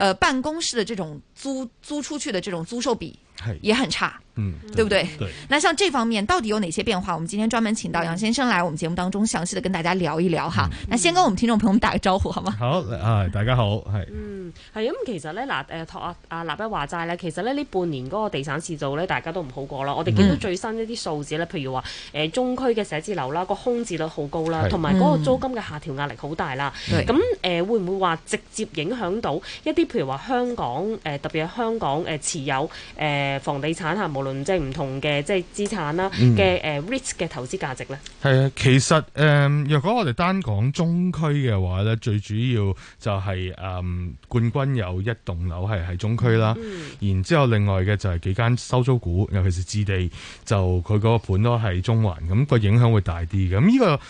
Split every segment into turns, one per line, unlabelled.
呃，辦公室的這種租租出去的這種租售比也很差。Hey. 嗯，對不對？嗯、對。那像這方面到底有哪些變化？我們今天專門請到楊先生來我們節目當中詳細的跟大家聊一聊哈。嗯、那先跟我們聽眾朋友們打個招呼、嗯、好嗎？
好、嗯哎，大家好，係。
嗯，係咁其實咧嗱，誒托阿阿立一話齋咧，其實咧呢，的實呢這半年嗰個地產市道咧，大家都唔好過咯。嗯、我哋見到最新的一啲數字咧，譬如話誒中區嘅寫字樓啦，個空置率好高啦，同埋嗰個租金嘅下調壓力好大啦。咁誒、嗯、會唔會話直接影響到一啲譬如話香港誒特別係香港誒持有誒房地產無論即係唔同嘅即係資產啦嘅誒，REIT 嘅投資價值咧，
係啊、嗯，其實誒，若、嗯、果我哋單講中區嘅話咧，最主要就係、是、誒、嗯、冠軍有一棟樓係喺中區啦，嗯、然之後另外嘅就係幾間收租股，尤其是置地，就佢嗰個盤都係中環，咁個影響會大啲嘅，咁呢、這個。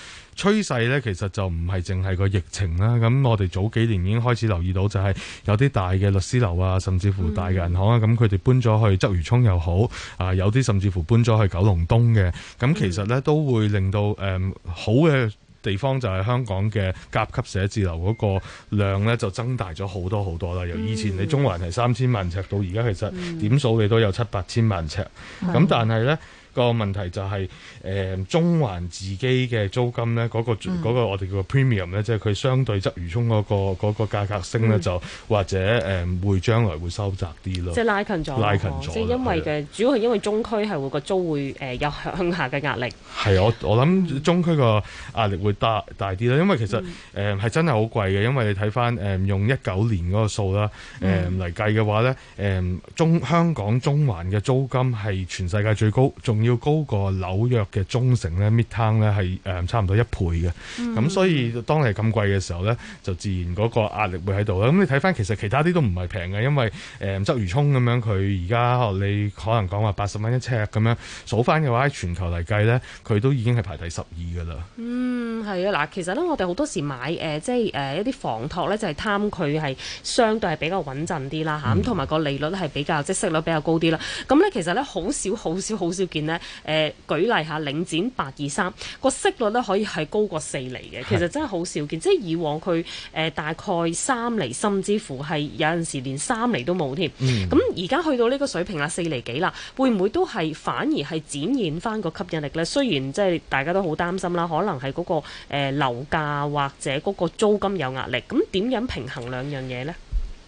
趨勢咧，其實就唔係淨係個疫情啦。咁我哋早幾年已經開始留意到，就係有啲大嘅律師樓啊，甚至乎大嘅銀行啊，咁佢哋搬咗去鰂魚涌又好，啊有啲甚至乎搬咗去九龍東嘅。咁其實呢，嗯、都會令到誒、嗯、好嘅地方就係香港嘅甲級寫字樓嗰個量呢，就增大咗好多好多啦。由以前你中環係三千萬尺，到而家其實點數你都有七八千萬尺。咁、嗯嗯、但係呢。個問題就係、是、誒中環自己嘅租金咧，嗰、那個嗯、個我哋叫 premium 咧，即係佢相對質如充嗰、那個嗰、那個、價格升咧，嗯、就或者誒會、嗯、將來會收窄啲咯、哦。即係拉近咗，拉近咗。即係因為嘅
了主要係因為中區係會個租會誒有向下嘅壓力。
係我我諗中區個壓力會大大啲啦，嗯、因為其實誒係、嗯、真係好貴嘅，因為你睇返誒用一九年嗰個數啦誒嚟計嘅話咧，誒、嗯、中香港中環嘅租金係全世界最高仲要高過紐約嘅中城咧，Midtown 咧係、呃、差唔多一倍嘅。咁、嗯、所以當你咁貴嘅時候咧，就自然嗰個壓力會喺度啦。咁你睇翻其實其他啲都唔係平嘅，因為誒、呃、鰂魚涌咁樣，佢而家你可能講話八十蚊一尺咁樣數翻嘅話，喺全球嚟計咧，佢都已經係排第十二㗎啦。嗯，
係啊，嗱，其實咧我哋好多時買、呃、即係、呃、一啲房託咧，就係貪佢係相對係比較穩陣啲啦，咁同埋個利率係比較即息率比較高啲啦。咁咧其實咧好少好少好少見。咧，誒舉例下領展八二三個息率咧，可以係高過四厘嘅，其實真係好少見。即係以往佢誒大概三厘，甚至乎係有陣時連三厘都冇添。咁而家去到呢個水平啦，四厘幾啦，會唔會都係反而係展現翻個吸引力呢？雖然即係大家都好擔心啦，可能係嗰、嗰個誒、呃、樓價或者嗰個租金有壓力，咁點樣平衡兩樣嘢呢？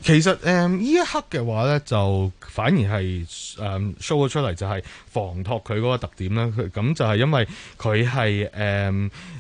其實誒呢、嗯、一刻嘅話咧，就反而係誒 show 咗出嚟，就係房託佢嗰個特點啦。咁就係因為佢係誒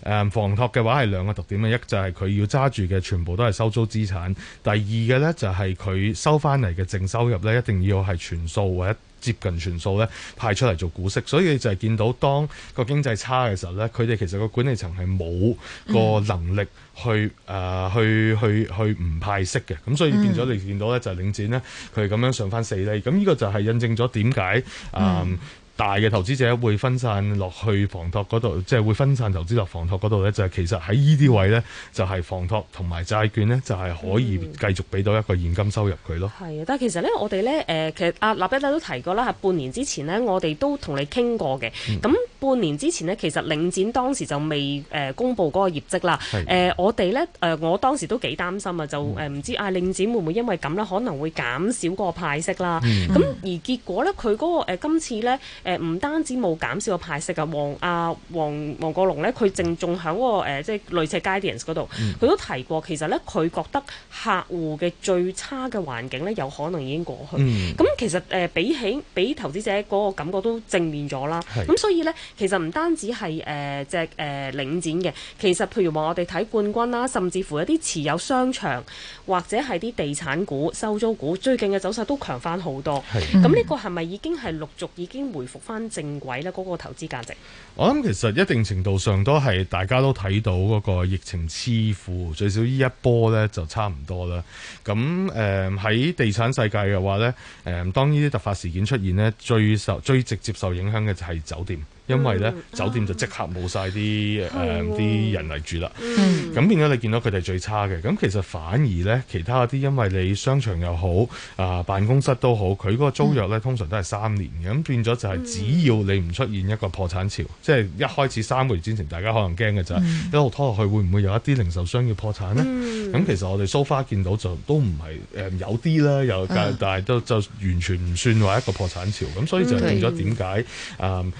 誒房託嘅話係兩個特點嘅，一就係佢要揸住嘅全部都係收租資產，第二嘅咧就係佢收翻嚟嘅淨收入咧一定要係全數或接近全數咧派出嚟做股息，所以你就係見到當個經濟差嘅時候咧，佢哋其實個管理層係冇個能力去誒、嗯呃、去去去唔派息嘅，咁所以變咗你見到咧就領展咧佢係咁樣上翻四釐，咁呢個就係印證咗點解啊？呃嗯大嘅投資者會分散落去房託嗰度，即、就、係、是、會分散投資落房託嗰度呢就係其實喺依啲位呢，就係、是就是、房託同埋債券呢，就係、是、可以繼續俾到一個現金收入佢咯。
係啊，但係其實呢，我哋呢、呃，其實阿、啊、立一都提過啦，半年之前呢，我哋都同你傾過嘅。咁、嗯、半年之前呢，其實領展當時就未、呃、公佈嗰個業績啦的、呃。我哋呢、呃，我當時都幾擔心啊，就誒唔知、嗯、啊，領展會唔會因為咁啦可能會減少個個派息啦。咁、嗯嗯、而結果呢，佢嗰、那個、呃、今次呢。誒唔、呃、單止冇減少個派息王啊，王阿王王國龍呢，佢正仲喺個誒、呃、即係類似 guidance 嗰度，佢、嗯、都提過，其實呢，佢覺得客戶嘅最差嘅環境呢，有可能已經過去。咁、嗯嗯、其實誒、呃、比起比起投資者嗰、那個感覺都正面咗啦。咁是、嗯、所以呢，其實唔單止係誒隻誒領展嘅，其實譬如話我哋睇冠軍啦，甚至乎有啲持有商場或者係啲地產股、收租股最近嘅走勢都強返好多。咁呢是、嗯、個係咪已經係陸續已經回？復翻正軌咧，嗰個投資價值。
我諗其實一定程度上都係大家都睇到嗰個疫情似乎，最少呢一波呢就差唔多啦。咁誒喺地產世界嘅話呢，誒、呃、當呢啲突發事件出現呢，最受最直接受影響嘅就係酒店。因為呢、mm, uh, 酒店就即刻冇晒啲誒啲人嚟住啦，咁、mm. 變咗你見到佢哋最差嘅。咁其實反而呢，其他啲因為你商場又好啊、呃，辦公室都好，佢嗰租約呢，通常都係三年嘅。咁變咗就係只要你唔出現一個破產潮，mm. 即係一開始三個月之前大家可能驚嘅就係一路拖落去，mm. 會唔會有一啲零售商要破產呢？咁、mm. 其實我哋 a 花見到就都唔係有啲啦，又、uh. 但但係都就完全唔算話一個破產潮。咁所以就變咗點解誒？Mm. 嗯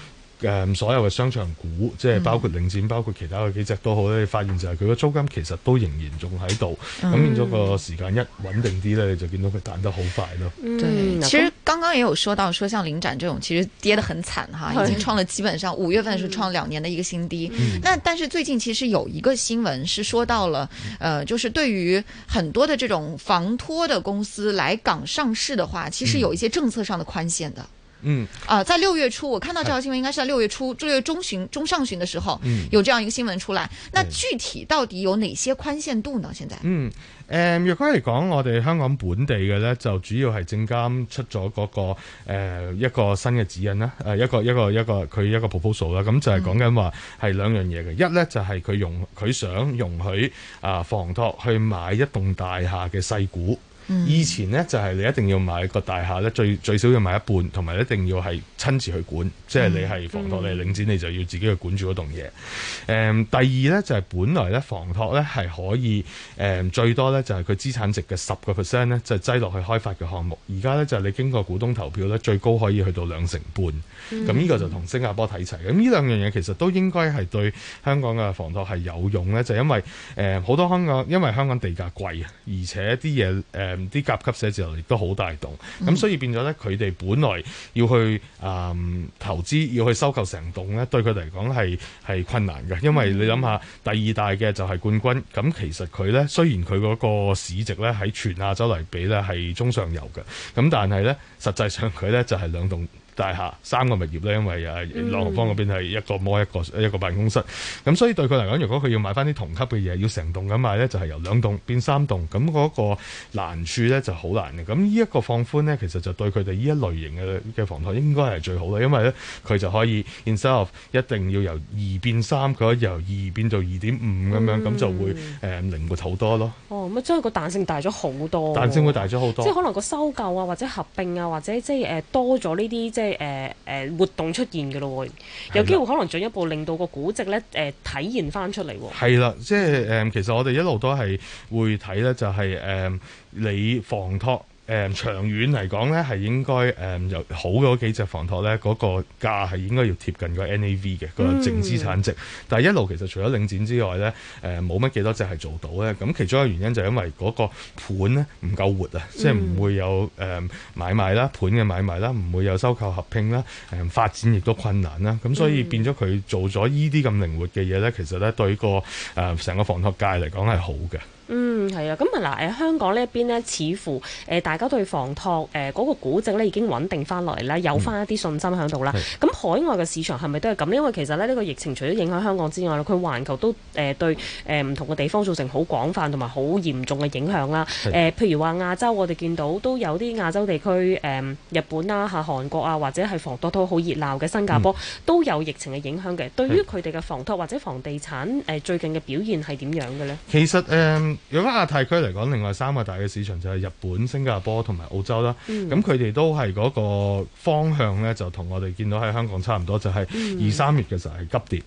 誒，所有嘅商場股，即係包括領展，包括其他嘅幾隻都好咧，嗯、你發現就係佢嘅租金其實都仍然仲喺度，咁、嗯、變咗個時間一穩定啲咧，你就見到佢彈得好快咯、嗯。
其實剛剛也有說到，說像領展這種，其實跌得很慘哈，是已經創了基本上五月份是創兩年嘅一個新低。嗯、那但是最近其實有一個新聞是說到了，呃，就是對於很多的這種房託的公司來港上市的話，其實有一些政策上的寬限的。嗯，啊，在六月初我看到這條新聞，應該是在六月初、六月中旬、中上旬的時候，嗯、有這樣一個新聞出來。那具體到底有哪些寬限度呢？現在、
嗯，嗯，誒，若果嚟講，我哋香港本地嘅呢，就主要係證監出咗嗰、那個誒、呃、一個新嘅指引啦，誒、呃、一個一個一個佢一個 proposal 啦，咁就係講緊話係兩樣嘢嘅，一呢，就係佢容佢想容許啊、呃、房託去買一棟大廈嘅細股。以前呢，就係、是、你一定要買一個大廈最最少要買一半，同埋一定要係親自去管，嗯、即係你係房託、嗯、你是領展你就要自己去管住嗰棟嘢。第二呢，就係、是、本來房託呢係可以、嗯、最多是它呢，就係佢資產值嘅十個 percent 呢，就擠落去開發嘅項目，而家呢，就係你經過股東投票呢，最高可以去到兩成半。
咁呢、嗯、個就
同新加坡睇齊，咁呢兩樣嘢其實都應該係對香港嘅房託係有用呢，就是、因為誒好、呃、多香港因為香港地價貴啊，而且啲嘢誒。呃啲甲級寫字樓亦都好大棟，咁所以變咗呢，佢哋本來要去啊、嗯、投資，要去收購成棟呢，對佢嚟講係係困難嘅，因為你諗下第二大嘅就係冠軍，咁其實佢呢，雖然佢嗰個市值呢喺全亞洲嚟比呢係中上游嘅，咁但係呢，實際上佢呢就係兩棟。大廈三個物業咧，因為啊朗豪坊嗰邊係一個摩一個、嗯、一個辦公室，咁所以對佢嚟講，如果佢要買返啲同級嘅嘢，要成棟咁買咧，就係、是、由兩棟變三棟，咁嗰個難處咧就好難嘅。咁呢一個放寬咧，其實就對佢哋呢一類型嘅嘅房託應該係最好啦，因為咧佢就可以 instead of 一定要由二變三，佢可以由二變到二點五咁樣，咁、嗯、就會誒、呃、靈活好多咯。
哦，咁即係個彈性大咗好多，彈性會大咗好多，即係可能個收購啊，或者合併啊，或者、就是呃、即係誒多咗呢啲即係誒誒活動出現嘅咯，會有機會可能進一步令到個估值咧誒體現翻出嚟。
係啦，即係誒，其實我哋一路都係會睇咧，就係誒你房託。誒、呃、長遠嚟講咧，係應該誒由、呃、好嗰幾隻房託，咧，嗰個價係應該要貼近個 NAV 嘅、嗰個淨資產值。嗯、但係一路其實除咗領展之外咧，冇乜幾多隻係做到咧。咁其中一個原因就係因為嗰個盤咧唔夠活啊，嗯、即係唔會有誒、呃、買賣啦，盤嘅買賣啦，唔會有收購合併啦，誒、呃、發展亦都困難啦。咁所以變咗佢做咗依啲咁靈活嘅嘢咧，其實咧對個誒成、呃、個房託界嚟講係好嘅。
嗯，係啊，咁啊嗱，誒、呃、香港呢一邊呢，似乎誒、呃、大家都對房託誒嗰個估值咧已經穩定翻落嚟啦，有翻一啲信心喺度啦。咁、嗯、海外嘅市場係咪都係咁？因為其實咧呢、呢個疫情除咗影響香港之外，佢環球都誒、呃、對誒唔、呃、同嘅地方造成好廣泛同埋好嚴重嘅影響啦。誒的、呃、譬如話亞洲我，我哋見到都有啲亞洲地區，誒、呃、日本啦、啊、嚇韓國啊，或者係房託都好熱鬧嘅新加坡，嗯、都有疫情嘅影響嘅。對於佢哋嘅房託或者房地產誒、呃、最近嘅表現係點樣嘅呢？
其實誒、呃如果亞太區嚟講，另外三個大嘅市場就係日本、新加坡同埋澳洲啦。咁佢哋都係嗰個方向咧，就同我哋見到喺香港差唔多就係，就係二三月嘅時候係急跌。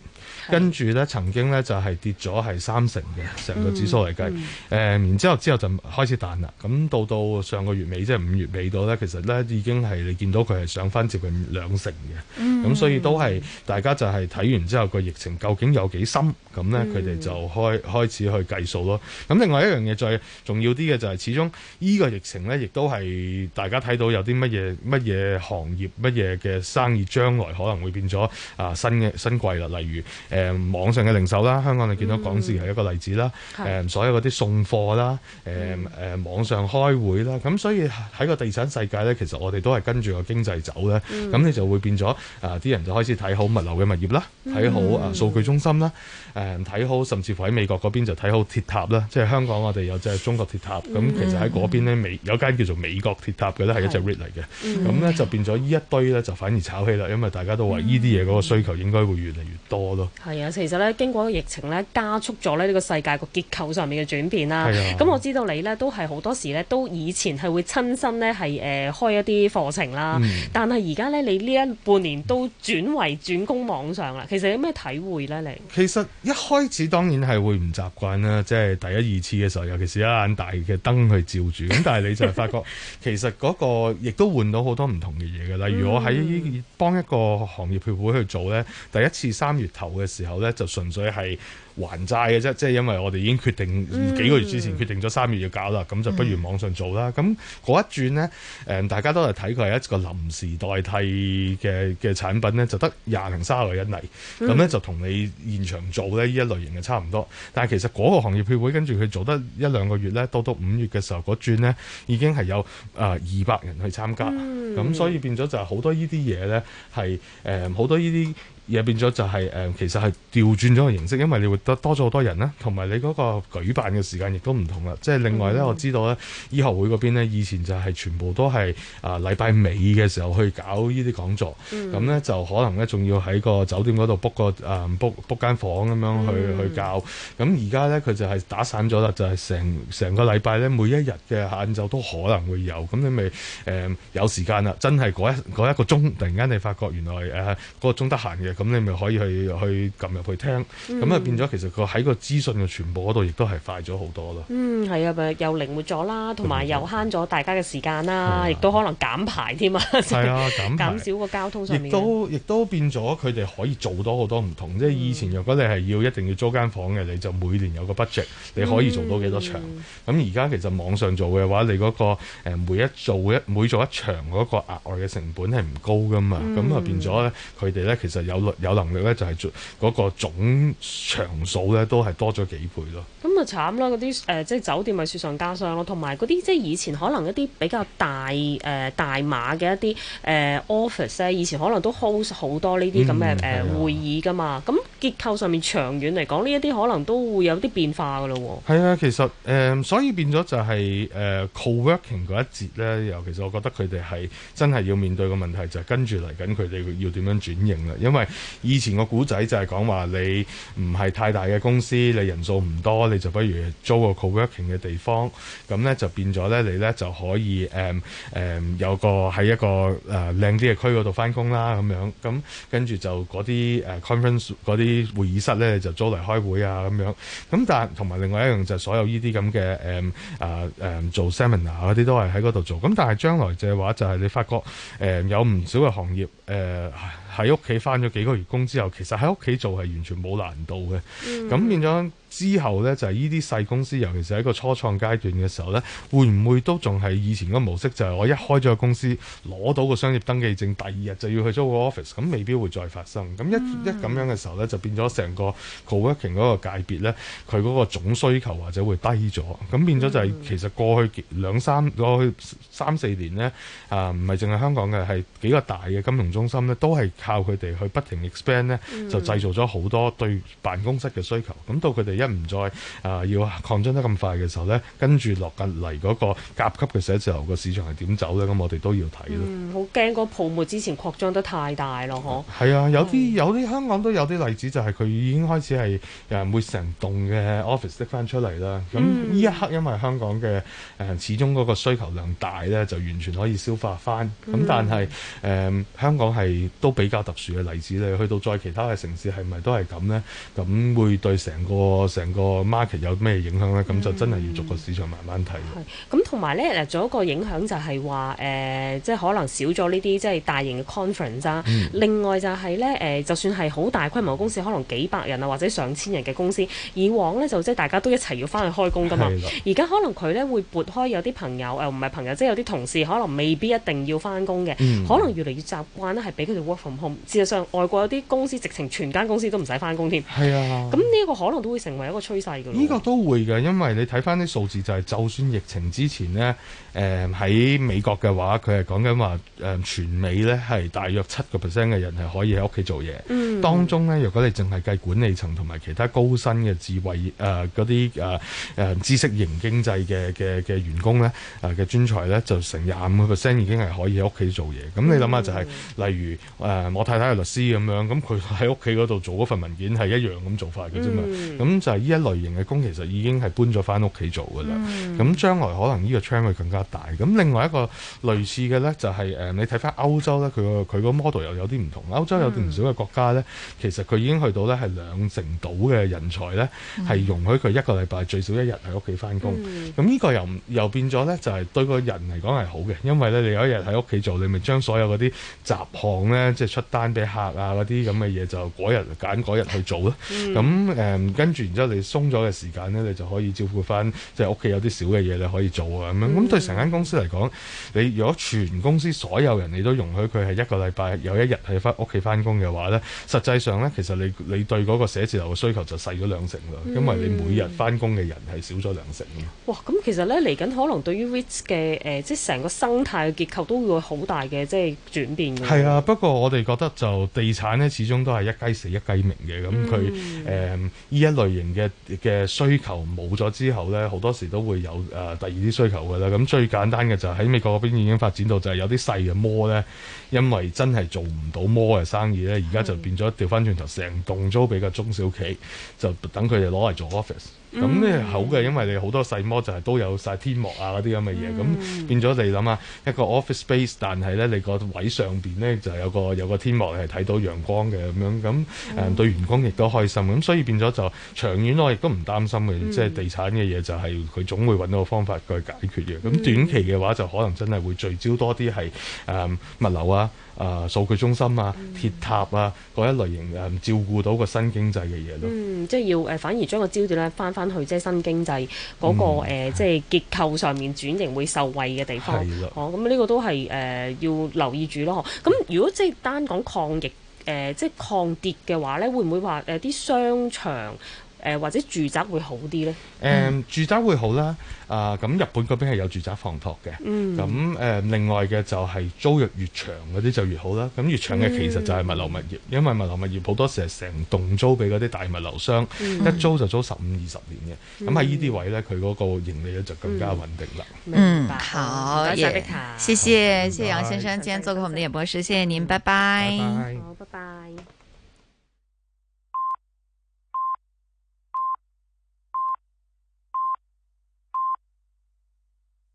跟住咧，曾經咧就係、是、跌咗係三成嘅成個指數嚟計，誒、嗯嗯呃、然之後之後就開始彈啦。咁到到上個月尾即係五月尾度咧，其實咧已經係你見到佢係上返接近兩成嘅。咁、嗯嗯、所以都係大家就係睇完之後個疫情究竟有幾深，咁咧佢哋就開開始去計數咯。咁另外一樣嘢最重要啲嘅就係、是，始終依個疫情咧，亦都係大家睇到有啲乜嘢乜嘢行業乜嘢嘅生意，將來可能會變咗啊新嘅新貴啦，例如。誒、嗯、網上嘅零售啦，香港你見到港視係一個例子啦。誒、嗯嗯、所有嗰啲送貨啦，誒、嗯、誒、嗯、網上開會啦，咁所以喺個地產世界咧，其實我哋都係跟住個經濟走咧。咁、嗯、你就會變咗啊，啲、呃、人就開始睇好物流嘅物業啦，睇好啊數據中心啦，誒、呃、睇好甚至乎喺美國嗰邊就睇好鐵塔啦。即係香港我哋有隻中國鐵塔，咁、嗯、其實喺嗰邊咧美有間叫做美國鐵塔嘅咧係一隻 REIT 嚟嘅，咁咧、嗯、就變咗呢一堆咧就反而炒起啦，因為大家都話呢啲嘢嗰個需求應該會越嚟越多咯。
係啊，其實咧，經過個疫情咧，加速咗咧呢個世界個結構上面嘅轉變啦。咁的、嗯、我知道你呢都係好多時呢都以前係會親身呢係誒、呃、開一啲課程啦，嗯、但係而家呢你呢一半年都轉為轉工網上啦。嗯、其實有咩體會呢？你
其實一開始當然係會唔習慣啦，即、就、係、是、第一二次嘅時候，尤其是一眼大嘅燈去照住。咁但係你就係發覺，其實嗰個亦都換到好多唔同嘅嘢嘅。嗯、例如我喺幫一個行業協會去做呢，第一次三月頭，嘅時候咧，就純粹係還債嘅啫，即係因為我哋已經決定幾個月之前決定咗三月要搞啦，咁、嗯、就不如網上做啦。咁嗰、嗯、一轉咧，大家都係睇佢係一個臨時代替嘅嘅產品咧，就得廿零卅個人嚟，咁咧、嗯、就同你現場做咧呢一類型嘅差唔多。但係其實嗰個行業協會跟住佢做得一兩個月咧，多到到五月嘅時候，嗰轉咧已經係有誒二百人去參加，咁、嗯、所以變咗就係好多呢啲嘢咧係誒好多呢啲。而係變咗就係、是、誒、嗯、其實係調轉咗個形式，因為你會得多咗好多人啦、啊，同埋你嗰個舉辦嘅時間亦都唔同啦。即係另外咧，我知道咧，嗯、醫學會嗰邊咧，以前就係全部都係啊禮拜尾嘅時候去搞呢啲講座，咁咧、嗯嗯、就可能咧仲要喺個酒店嗰度 book 個誒 book book 間房咁樣去、嗯、去搞。咁而家咧佢就係打散咗啦，就係成成個禮拜咧每一日嘅晏晝都可能會有，咁你咪誒、呃、有時間啦。真係嗰一嗰一個鐘，突然間你發覺原來誒嗰鐘得閒嘅。呃那個咁你咪可以去去撳入去聽，咁啊、嗯、變咗其實佢喺個資訊嘅傳播嗰度亦都係快咗好多咯。嗯，
係啊，咪又靈活咗啦，同埋又慳咗大家嘅時間啦，亦的都可能減排添的啊。係啊，減少個交通上面。亦都
亦都變咗佢哋可以做到多好多唔同。嗯、即係以前若果你係要一定要租間房嘅，你就每年有個 budget，你可以做到幾多場。咁而家其實網上做嘅話，你嗰個誒每一做一每做一，每做一場嗰個額外嘅成本係唔高噶嘛。咁啊、嗯、變咗咧，佢哋咧其實有。有能力咧，就係做嗰個總場數咧，都係多咗幾倍咯。
咁啊就慘啦！嗰啲誒即係酒店咪雪上加霜咯，同埋嗰啲即係以前可能一啲比較大誒、呃、大碼嘅一啲誒、呃、office 咧，以前可能都 host 好多呢啲咁嘅誒會議噶嘛。咁結構上面長遠嚟講呢一啲可能都會有啲變化
噶咯、哦。係啊，其實誒、呃、所以變咗就係、是、誒、呃、coworking 嗰一節咧，尤其是我覺得佢哋係真係要面對個問題就係、是、跟住嚟緊佢哋要點樣轉型啦。因為以前個古仔就係講話，你唔係太大嘅公司，你人數唔多，你。就不如租個 co-working 嘅地方，咁咧就變咗咧，你咧就可以誒、嗯嗯、有個喺一個誒靚啲嘅區嗰度翻工啦，咁樣咁跟住就嗰啲、呃、conference 嗰啲會議室咧就租嚟開會啊，咁樣咁但係同埋另外一樣就係、所有呢啲咁嘅誒做 seminar 嗰啲都係喺嗰度做，咁但係將來嘅話就係你發覺誒、呃、有唔少嘅行業誒。呃喺屋企返咗幾個月工之後，其實喺屋企做係完全冇難度嘅。咁、mm hmm. 變咗之後呢，就係呢啲細公司，尤其是喺個初創階段嘅時候呢，會唔會都仲係以前個模式？就係我一開咗個公司，攞到個商業登記證，第二日就要去租個 office，咁未必會再發生。咁一、mm hmm. 一咁樣嘅時候呢，就變咗成個 co-working 嗰個界別呢，佢嗰個總需求或者會低咗。咁變咗就係其實過去兩三，過去三四年呢，啊唔係淨係香港嘅，係幾個大嘅金融中心呢都係。靠佢哋去不停 expand 咧，就製造咗好多對辦公室嘅需求。咁、嗯、到佢哋一唔再啊、呃、要擴張得咁快嘅時候咧，跟住落緊嚟嗰個甲級嘅寫字樓個市場係點走咧？咁我哋都要睇咯。
好驚、嗯、個泡沫之前擴張得太大咯，嗬。
係啊，有啲有啲是香港都有啲例子，就係佢已經開始係誒會成棟嘅 office 拎翻出嚟啦。咁呢、嗯、一刻因為香港嘅誒、呃、始終嗰個需求量大咧，就完全可以消化翻。咁、嗯嗯、但係誒、呃、香港係都比較。特殊嘅例子咧，去到再其他嘅城市，係咪都係咁呢？咁會對成個成個 market 有咩影響呢？咁就真係要逐個市場慢慢睇。
咁、嗯，同、嗯、埋呢，仲有一個影響就係話、呃，即係可能少咗呢啲即係大型嘅 conference、啊嗯、另外就係呢、呃，就算係好大規模嘅公司，嗯、可能幾百人啊，或者上千人嘅公司，以往呢就即係大家都一齊要翻去開工㗎嘛。而家的可能佢呢會撥開有啲朋友，誒、呃，唔係朋友，即係有啲同事，可能未必一定要翻工嘅。嗯、可能越嚟越習慣呢，係俾佢哋 work from home。事實上，外國有啲公司直情全間公司都唔使返工添。係啊，咁呢個可能都會成為一個趨勢㗎。呢個
都會嘅，因為你睇返啲數字就係、是，就算疫情之前呢，誒、呃、喺美國嘅話，佢係講緊話誒全美呢係大約七個 percent 嘅人係可以喺屋企做嘢。嗯。當中呢，如果你淨係計管理層同埋其他高薪嘅智慧誒嗰啲誒誒知識型經濟嘅嘅嘅員工呢，誒、呃、嘅專才呢，就成廿五個 percent 已經係可以喺屋企做嘢。咁你諗下就係、是，嗯、例如誒。呃我太太係律師咁樣，咁佢喺屋企嗰度做嗰份文件係一樣咁做法嘅啫嘛。咁、嗯、就係呢一類型嘅工，其實已經係搬咗翻屋企做噶啦。咁、嗯、將來可能呢個趨向更加大。咁另外一個類似嘅呢，就係誒你睇翻歐洲呢，佢個佢個 model 又有啲唔同。歐洲有啲唔少嘅國家呢，嗯、其實佢已經去到呢係兩成到嘅人才呢，係容許佢一個禮拜、嗯、最少一日喺屋企翻工。咁呢、嗯、個又又變咗呢，就係對個人嚟講係好嘅，因為呢你有一日喺屋企做，你咪將所有嗰啲雜項呢，即係出單俾客啊嗰啲咁嘅嘢就嗰日揀嗰日去做咯。咁跟住，然之後你鬆咗嘅時間咧，你就可以照顧翻即係屋企有啲小嘅嘢你可以做啊咁樣。咁對成間公司嚟講，你如果全公司所有人你都容許佢係一個禮拜有一日係翻屋企翻工嘅話咧，實際上咧其實你你對嗰個寫字樓嘅需求就細咗兩成啦、嗯、因為你每日翻工嘅人係少咗兩成啊嘛。
哇！咁其實咧嚟緊可能對於 REIT 嘅、呃、即成個生態嘅結構都會好大嘅即係轉變嘅。係啊，
不過我哋。覺得就地產咧，始終都係一雞死一雞鳴嘅，咁佢呃、呢一類型嘅嘅需求冇咗之後咧，好多時都會有、呃、第二啲需求㗎啦。咁、嗯、最簡單嘅就喺美國嗰邊已經發展到就係有啲細嘅摩咧，因為真係做唔到摩嘅生意咧，而家就變咗掉翻轉頭成棟租俾個中小企，就等佢哋攞嚟做 office。咁呢好嘅，因為你好多細摩就係都有曬天幕啊嗰啲咁嘅嘢，咁、嗯、變咗你諗下一個 office space，但係咧你個位上面咧就有個有個天幕係睇到陽光嘅咁樣咁誒對員工亦都開心，咁所以變咗就長遠我亦都唔擔心嘅，嗯、即係地產嘅嘢就係佢總會搵到個方法去解決嘅。咁短期嘅話就可能真係會聚焦多啲係、嗯、物流啊、啊數據中心啊、嗯、鐵塔啊嗰一類型、嗯、照顧到個新經濟嘅嘢咯。
嗯，即係要反而將個焦點咧翻。翻去即係新經濟嗰、那個、嗯呃、即係結構上面轉型會受惠嘅地方，哦的，咁呢、啊嗯呢個都係誒、呃、要留意住咯，咁如果即係單講抗疫誒、呃，即係抗跌嘅話咧，會唔會話誒啲商場？或者住宅會好啲咧？
誒住宅會好啦。啊咁，日本嗰邊係有住宅房託嘅。嗯。咁另外嘅就係租約越長嗰啲就越好啦。咁越長嘅其實就係物流物業，因為物流物業好多時係成棟租俾嗰啲大物流商，一租就租十五二十年嘅。咁喺呢啲位咧，佢嗰個盈利咧就更加穩定啦。明
白。好，謝謝，謝謝楊先生，今天做客我們的演播室，謝謝您，拜拜。好，拜
拜。